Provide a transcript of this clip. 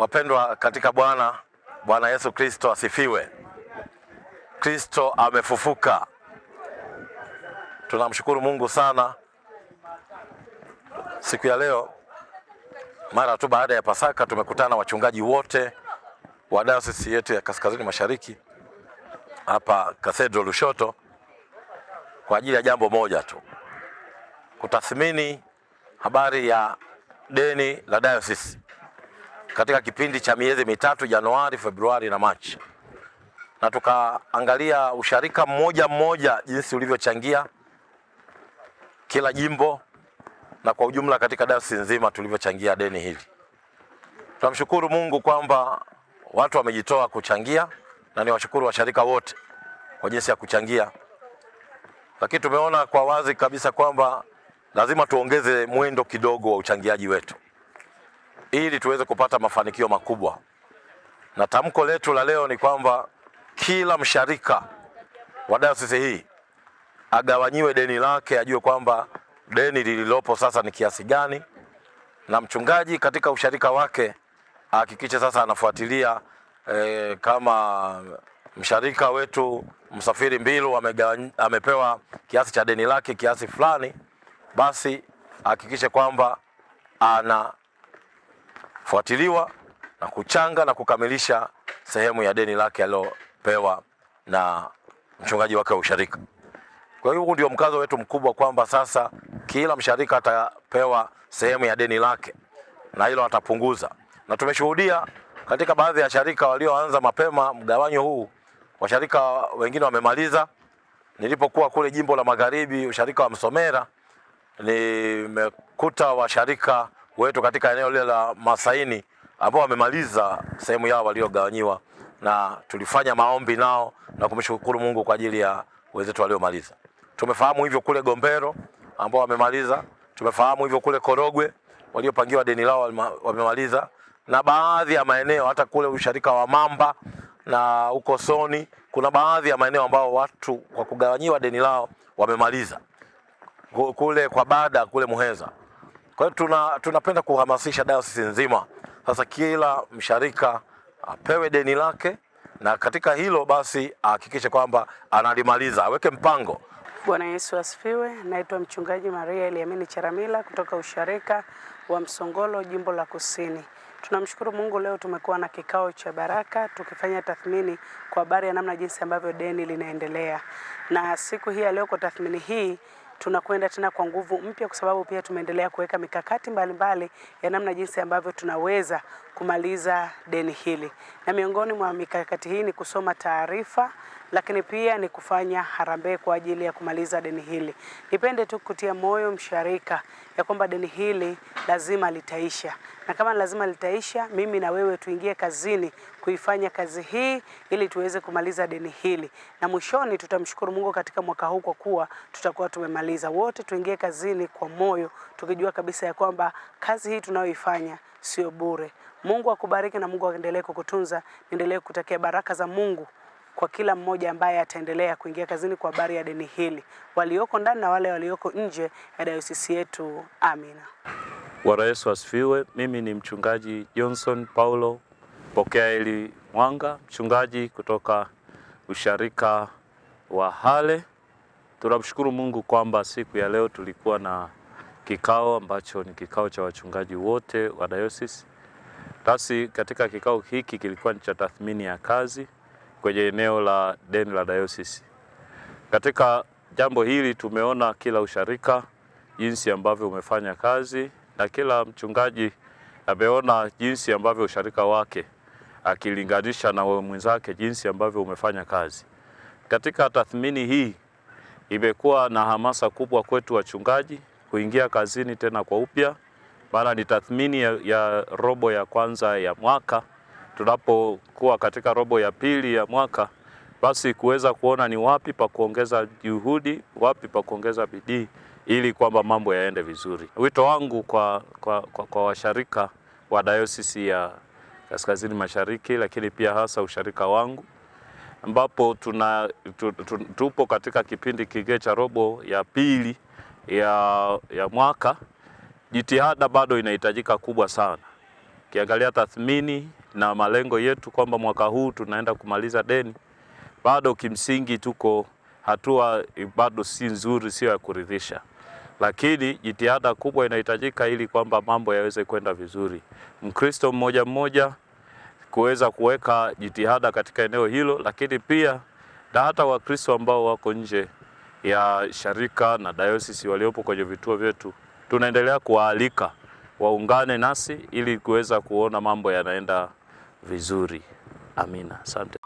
Wapendwa katika Bwana, Bwana Yesu Kristo asifiwe. Kristo amefufuka. Tunamshukuru Mungu sana siku ya leo. Mara tu baada ya Pasaka tumekutana wachungaji wote wa dayosisi yetu ya Kaskazini Mashariki hapa Cathedral Lushoto kwa ajili ya jambo moja tu, kutathmini habari ya deni la dayosisi katika kipindi cha miezi mitatu Januari, Februari na Machi, na tukaangalia usharika mmoja mmoja jinsi ulivyochangia kila jimbo na kwa ujumla katika dasi nzima tulivyochangia deni hili. Tunamshukuru Mungu kwamba watu wamejitoa kuchangia na niwashukuru washarika wote kwa jinsi ya kuchangia, lakini tumeona kwa wazi kabisa kwamba lazima tuongeze mwendo kidogo wa uchangiaji wetu ili tuweze kupata mafanikio makubwa. Na tamko letu la leo ni kwamba kila msharika wa dayosisi hii agawanyiwe deni lake, ajue kwamba deni lililopo sasa ni kiasi gani, na mchungaji katika usharika wake ahakikishe sasa anafuatilia e, kama msharika wetu Msafiri Mbilu amepewa kiasi cha deni lake kiasi fulani, basi ahakikishe kwamba ana kufuatiliwa na kuchanga na kukamilisha sehemu ya deni lake alilopewa na mchungaji wake wa usharika. Kwa hiyo huu ndio mkazo wetu mkubwa kwamba sasa kila msharika atapewa sehemu ya deni lake na hilo atapunguza. Na tumeshuhudia katika baadhi ya sharika walioanza mapema mgawanyo huu, washarika wengine wamemaliza. Nilipokuwa kule jimbo la Magharibi, usharika wa Msomera, nimekuta washarika wetu katika eneo lile la Masaini ambao wamemaliza sehemu yao waliogawanyiwa, na tulifanya maombi nao na kumshukuru Mungu kwa ajili ya wenzetu waliomaliza. Tumefahamu hivyo kule Gombero ambao wamemaliza, tumefahamu hivyo kule Korogwe waliopangiwa deni lao wamemaliza, na baadhi ya maeneo hata kule usharika wa Mamba na huko Soni kuna baadhi ya maeneo ambao watu kwa kugawanyiwa deni lao wamemaliza. Kule kwa Bada kule Muheza kwa hiyo tuna, tunapenda kuhamasisha dayosisi nzima sasa kila msharika apewe deni lake, na katika hilo basi ahakikishe kwamba analimaliza, aweke mpango. Bwana Yesu asifiwe. Naitwa mchungaji Maria Eliamini Charamila kutoka usharika wa Msongolo, jimbo la Kusini. Tunamshukuru Mungu, leo tumekuwa na kikao cha baraka tukifanya tathmini kwa habari ya namna jinsi ambavyo deni linaendelea, na siku hii ya leo kwa tathmini hii tunakwenda tena kwa nguvu mpya, kwa sababu pia tumeendelea kuweka mikakati mbalimbali mbali ya namna jinsi ambavyo tunaweza kumaliza deni hili, na miongoni mwa mikakati hii ni kusoma taarifa lakini pia ni kufanya harambee kwa ajili ya kumaliza deni hili. Nipende tu kutia moyo msharika ya kwamba deni hili lazima litaisha, na kama lazima litaisha, mimi na wewe tuingie kazini kuifanya kazi hii ili tuweze kumaliza deni hili, na mwishoni tutamshukuru Mungu katika mwaka huu kwa kuwa tutakuwa tumemaliza. Wote tuingie kazini kwa moyo tukijua kabisa ya kwamba kazi hii tunayoifanya sio bure. Mungu akubariki na Mungu aendelee kukutunza. Niendelee kutakia baraka za Mungu kwa kila mmoja ambaye ataendelea kuingia kazini kwa habari ya deni hili, walioko ndani na wale walioko nje ya dayosisi yetu. Amina. Bwana Yesu asifiwe. Mimi ni mchungaji Johnson Paulo pokea ili Mwanga, mchungaji kutoka usharika wa Hale. Tunamshukuru Mungu kwamba siku ya leo tulikuwa na kikao ambacho ni kikao cha wachungaji wote wa dayosisi. Basi katika kikao hiki kilikuwa ni cha tathmini ya kazi kwenye eneo la deni la dayosisi. Katika jambo hili tumeona kila usharika jinsi ambavyo umefanya kazi na kila mchungaji ameona jinsi ambavyo usharika wake akilinganisha na mwenzake jinsi ambavyo umefanya kazi. Katika tathmini hii imekuwa na hamasa kubwa kwetu wachungaji kuingia kazini tena kwa upya, maana ni tathmini ya, ya robo ya kwanza ya mwaka tunapokuwa katika robo ya pili ya mwaka, basi kuweza kuona ni wapi pa kuongeza juhudi, wapi pa kuongeza bidii ili kwamba mambo yaende vizuri. Wito wangu kwa, kwa, kwa, kwa washarika wa dayosisi ya Kaskazini Mashariki, lakini pia hasa usharika wangu ambapo tuna tu, tu, tupo katika kipindi kigee cha robo ya pili ya, ya mwaka, jitihada bado inahitajika kubwa sana. Ukiangalia tathmini na malengo yetu kwamba mwaka huu tunaenda kumaliza deni, bado kimsingi tuko hatua bado si nzuri, sio ya kuridhisha, lakini jitihada kubwa inahitajika ili kwamba mambo yaweze kwenda vizuri. Mkristo mmoja mmoja kuweza kuweka jitihada katika eneo hilo, lakini pia na hata Wakristo ambao wako nje ya sharika na dayosisi waliopo kwenye vituo vyetu, tunaendelea kuwaalika waungane nasi ili kuweza kuona mambo yanaenda vizuri. Amina, asante.